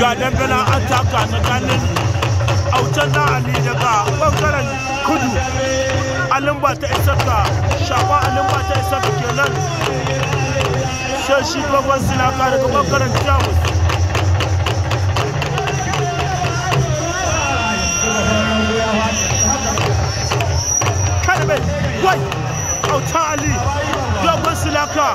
ga dambana an taka tsakanin aucen na ali daga bangaren kudu alimba ta isarka shafa alimba ta isarka kenan shan shi dogon silaka daga bangaren jamus karbe wai auta ali dogon silaka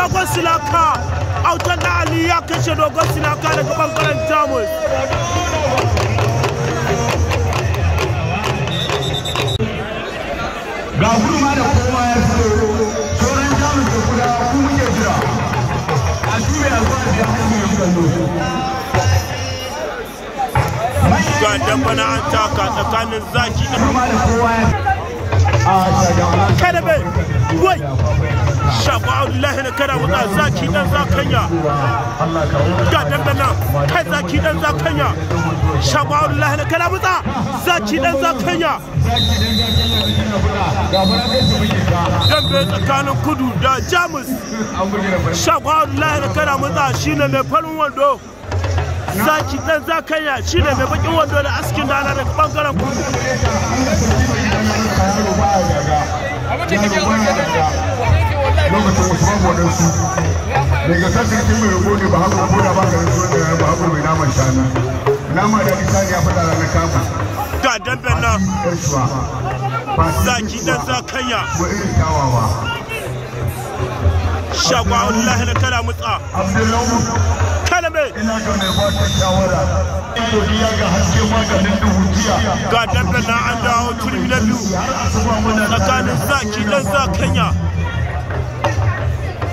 dogon silaka autan na ali ya kashe dogon silaka daga bangaren jamus ga gurma da kowa ya da jira a da ya an taka tsakanin zaki da kada bai wai shafa abdullahi na kada zaki dan zakanya ga dangana kai zaki dan zakanya shafa abdullahi na kada wuka zaki dan zakanya dambe tsakanin kudu da jamus shafa abdullahi na kada shine mai farin wando zaki dan zakanya shine mai bakin wando da askin dana da bangaren kudu abin da lokacin usman wadansu daga sassan kin mai rubo ne ba haka ko da ba ka rinsu da ba haka mai naman shana nama da ya faɗa ranar kama ga dambe zaki da zakanya ko irin tawawa shagwa wallahi na kana mutsa kalame ina ga mai ba ta shawara godiya ga haske maganin duhu jiya ga dambe na an dawo turmi na biyu tsakanin zaki dan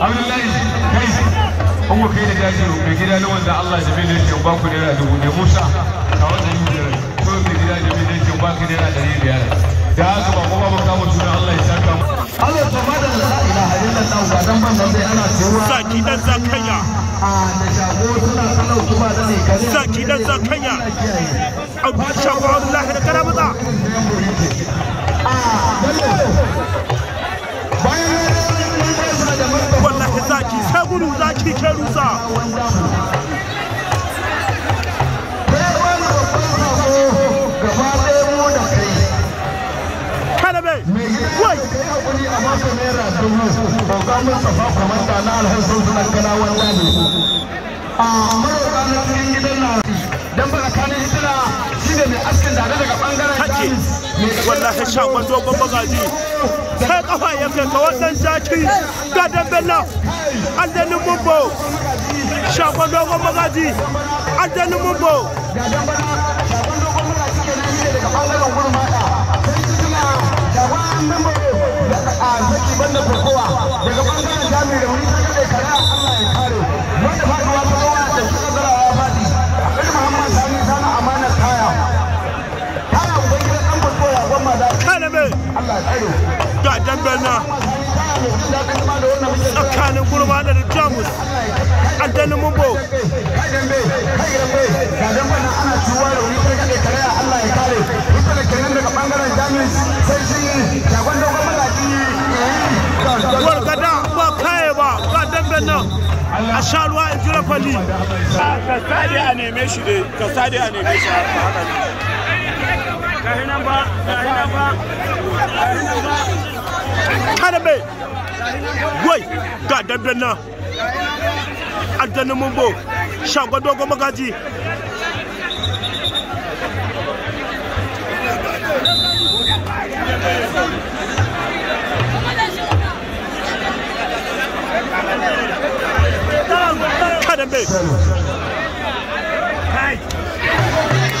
abdullahi kai da daji mai na wanda allah jamilu ya ce musa ya da kuma allah ya dan ban zakanya suna kalau kuma da ne kare abu shafa wallahi da karamata mustapha kwamanda na alhassan suna kana wanda ne a maroka na cikin gidan na dan baka shi ne mai askin dada daga bangaren kaji wallahi shagon dogon magaji sai kafa ya kai ka wannan zaki mumbo daga bangaren gurmada sai suna daga bangaren jami'i da wani sakar da kare Allah ya kare wanda faduwa ta rawa da shi kadara ya fadi akwai Muhammad Sani kaya kaya ubangiji dan farko ya gwamma Allah ya kare a sha ruwa in jira kwali ka sade a neme shi dai ka sade a neme shi haka ba ba ba kada ga dabbe adana mun bo magaji Thank you. dambe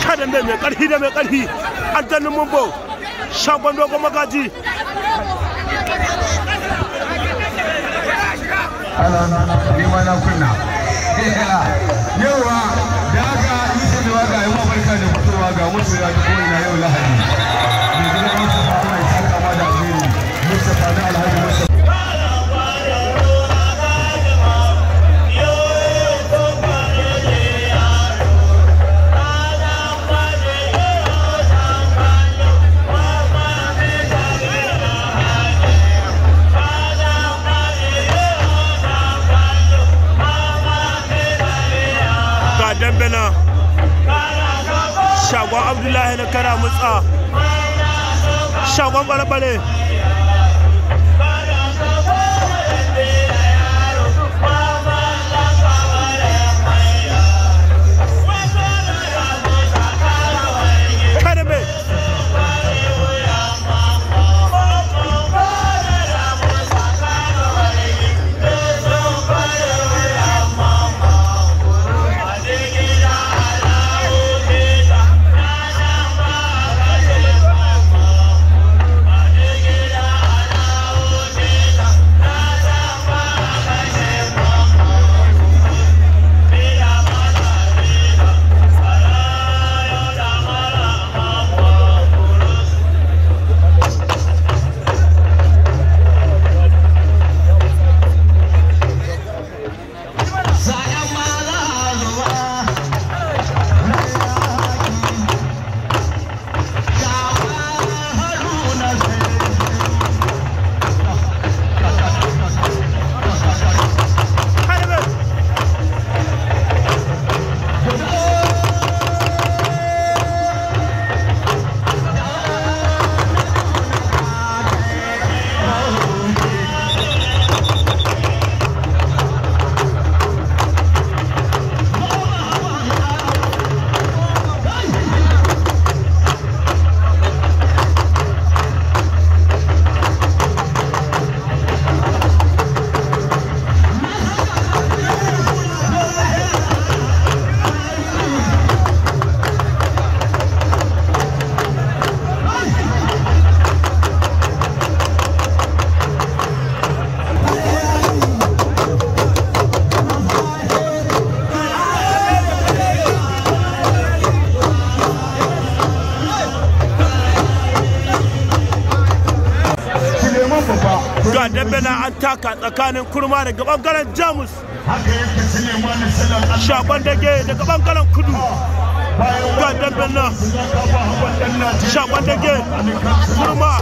sha dambe mai karfi da mai karfi antanin mumbo shagon dogon magaji na da aka yi da waka yi mafarka da fitowa ga mutu ya ta na yau lahadi matsa ah. shagon bale-bale taka tsakanin kurma daga bangaren jamus shakon dage daga bangaren kudu ga dambin nan shakon dage kurma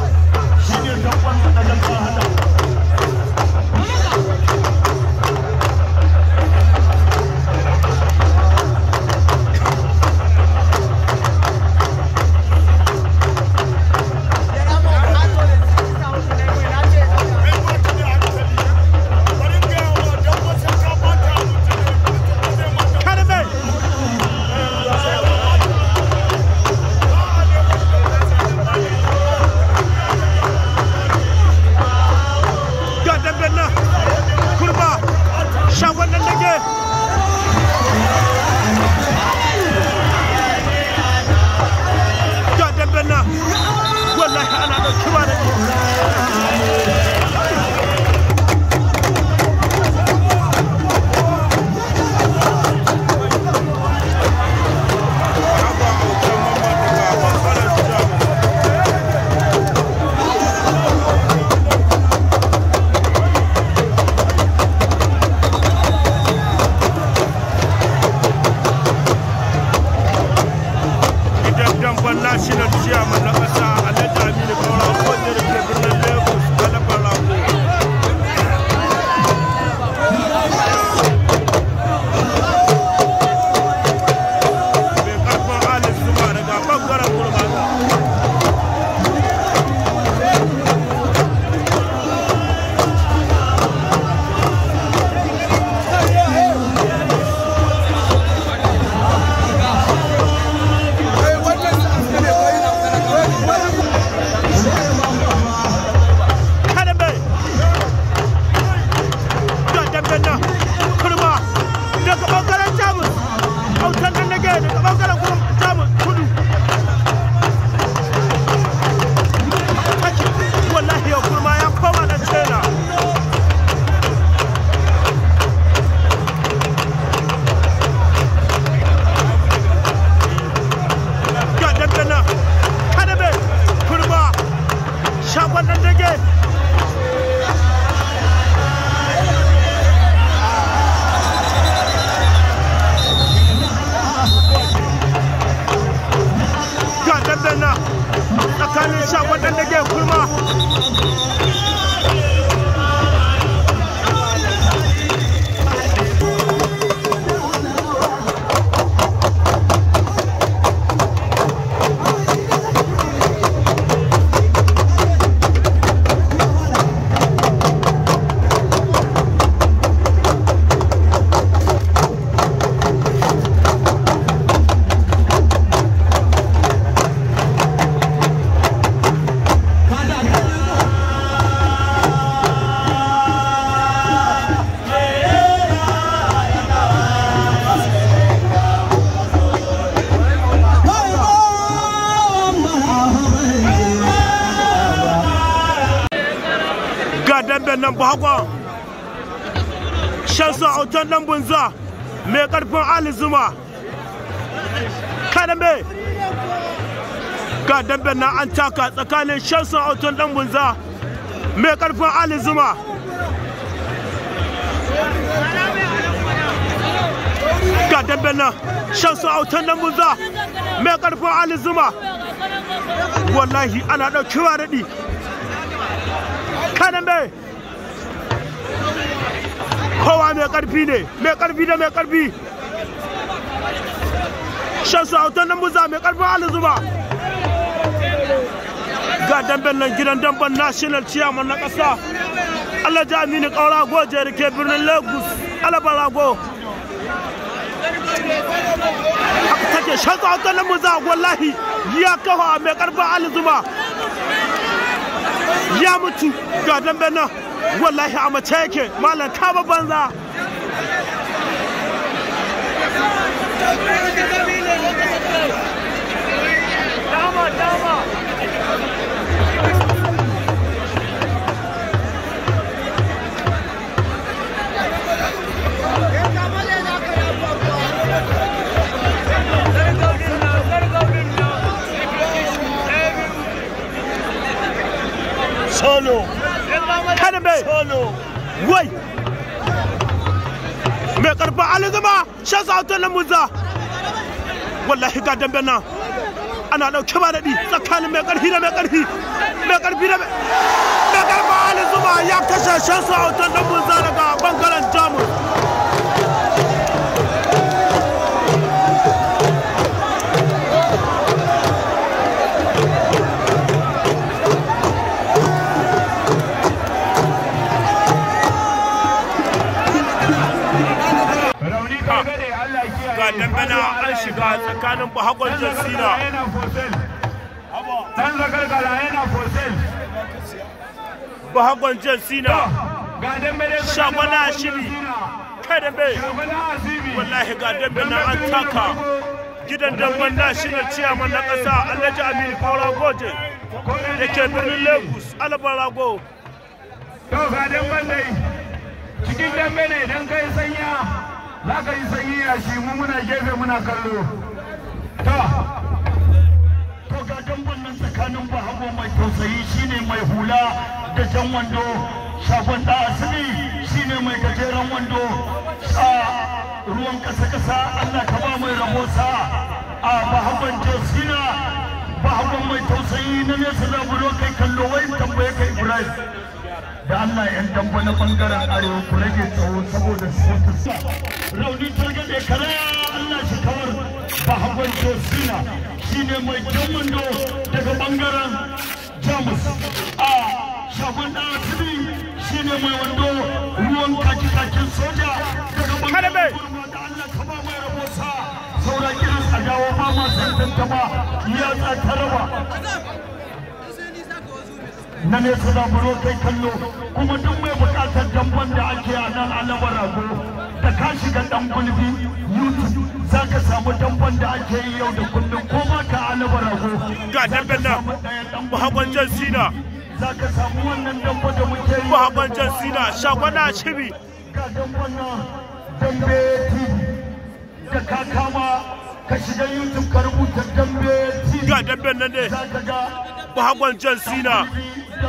agwa shansu autan dan bunza mai karfin alizuma kadambe ga dambe na an taka tsakanin shansu autan dan bunza mai karfin alizuma ga dambe na shansu autan dan bunza mai karfin alizuma wallahi ana ɗaukewa daɗi kadambe kowa mai karfi ne mai karfi da mai karfi shansu autan nan buza mai karfin alizuba ga damben nan gidan damben national chairman na kasa ji amini kaura goje da ke birnin lagos alabarago take shansu autan nan buza wallahi ya kawo mai karfin alizuma ya mutu ga damben nan wallahi a mace yake malam kama banza muza wallahi ga dambe nan ana ɗauke ba daɗi tsakanin mai ƙarfi da mai ƙarfi mai ƙarfi da mai ƙarfi zuma ya kashe shansu a hoton ɗan muza daga bangaren magana an shiga tsakanin bahakon jasina dan zagargara yana fosel bahakon jasina shagwana shiri kada bai wallahi ga dambe na an taka gidan damban na shi na ciyaman na ƙasa alhaji amir kaura goje da ke birnin lagos albarago yau ga damban dai cikin dambe ne don kai sanya zaka yi sanyi shi mu muna gefe muna kallo to to ga dambon nan tsakanin bahago mai tausayi shine mai hula da jan wando shafon da asiri shine mai gajeren wando a ruwan kasa kasa Allah ka ba mai rabo a bahagon jesina bahagon mai tausayi na nesa da bulo kai kallo wai tambaye ka Ibrahim da Allah yan damba na bangaren arewa ku rage tsawo saboda su mutu sa rauni targaɗe karaya Allah shi kawar ba hagon tosina shine mai jan wando daga bangaren jamus a shagon ɗan asibi shine mai wando ruwan kaki soja daga bangaren da Allah ka ba mai sa sauran kiran a dawo ba ma san tantama ya tsakarwa na ne da buro kai kallo kuma duk mai bukatar damban da ake a nan alabar rago da ka shiga dan gulbi youtube za ka samu damban da ake yi yau da kullum ko ma ka alabar rago ga damban nan muhabban jan sina za ka samu wannan damban da muke yi muhabban jan sina shagwana shiri ga damban nan dambe tv da ka kama ka shiga youtube ka rubuta dambe tv ga damban nan ne muhabban jan sina a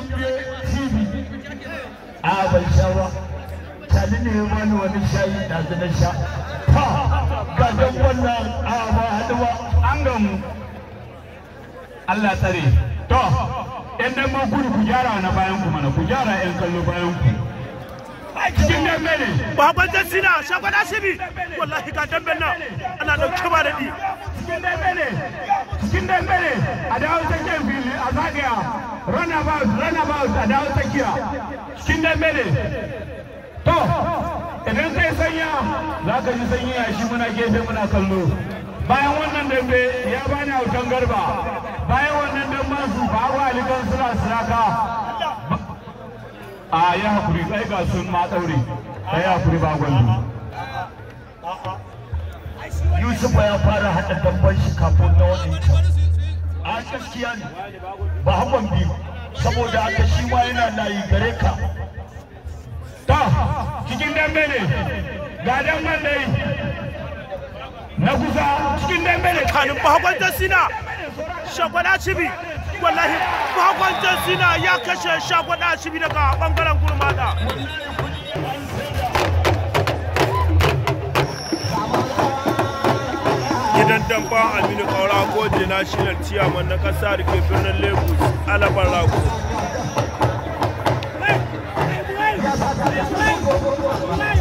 ban sha ba tani ne wani wani shayi da na sha ta don wannan a ba haduwa an gamu Allah tsare to ma ku gyara na bayan ku mana ku gyara yan kallo bayan ku cikin dambe ne shagwada shibi wallahi ga dambe na ana dauke ba da cikin dambe ne cikin dambe ne a dawo tsakiyar fili a zagaya runabout runabout a dawo tsakiya cikin dambe ne to idan sai sanya za ka ji sanyi a shi muna gefe muna kallo bayan wannan dambe ya bani autan garba bayan wannan damben su ba wa alikan sura suraka a ya hakuri tsaye ga sun ma daure ya hakuri ba gwallo yusufa ya fara haɗa damban shi kafin na waɗancan a gaskiya ne ba hakan biyu saboda haka shi ma yana layi gare ka ta cikin dambe ne ga damban dai na kusa cikin dambe ne kanin mahakwantar sina shagwada cibi wallahi mahakwantar sina ya kashe shagwada cibi daga bangaren gurmada dan damba aminu kaura goje national chairman na kasa da ke birnin lagos alabar rago Hey!